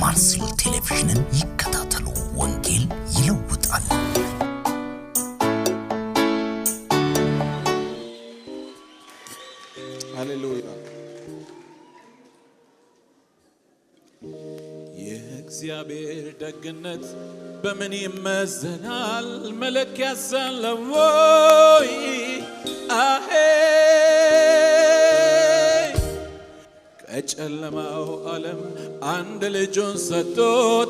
ማርሴል ቴሌቪዥንን ይከታተሉ። ወንጌል ይለውጣል። ሃሌሉያ። የእግዚአብሔር ደግነት በምን ይመዘናል መለኪያ ያሳለው ወይ አሄ ከጨለማው ዓለም አንድ ልጁን ሰጥቶ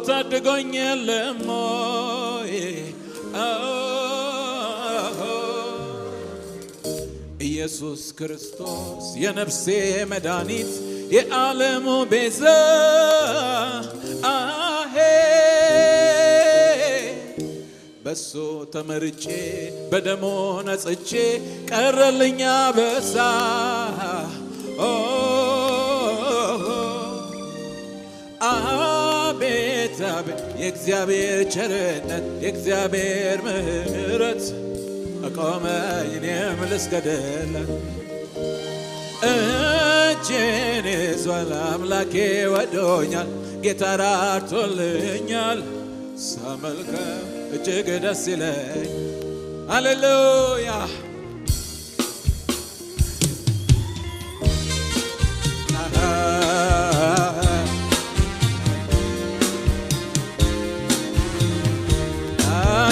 ታድጎኝ የለም ወይ ኢየሱስ ክርስቶስ የነፍሴ መድኃኒት የዓለሙ ቤዛ በሶ ተመርጬ በደሞ ነጽቼ ቀረልኛ በሳ አቤት አቤት የእግዚአብሔር ቸርነት የእግዚአብሔር ምሕረት አቆመኝ እኔም ልስገድለት እጄን ይዟል አምላኬ ወዶኛል ጌታ ራርቶልኛል ሳመልከ እጅግ ደስ ይለኝ። ሃሌሉያ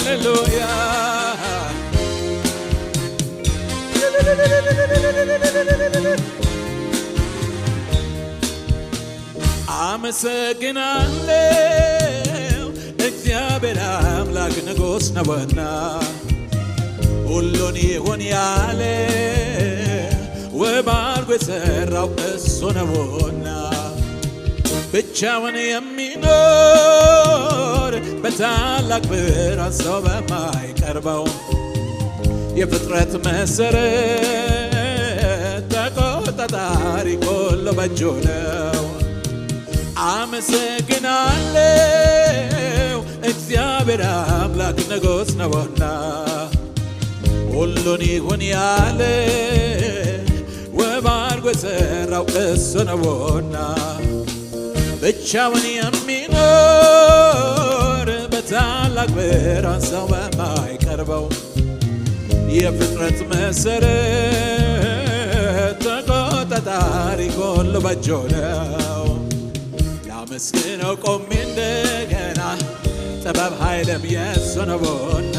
ሃሌሉያ አመሰግናለሁ እግዚአብሔር አምላክ ንጉሥ ነውና ሁሉን ይሁን ያለ ውብ አድርጎ የሠራው እሱ ነውና ብቻውን የሚኖር በታላቅ ብርሃን ሰው በማይቀርበው የፍጥረት መሠረት ተቆጣጣሪ ሁሉ በእጁ ነው። አመሰግናለሁ እግዚአብሔር አምላክ ንጉሥ ነውና ሁሉን ይሁን ያለ ውብ አድርጎ የሠራው እሱ ነውና ብቻውን የሚኖር በታላቅ ብርሃን ሰው በማይቀርበው የፍጥረት መሠረት ተቆጣጣሪ ሁሉ በእጁ ላመስግነው ቆሜ እንደገና ጥበብ ኃይልም የእሱ ነው።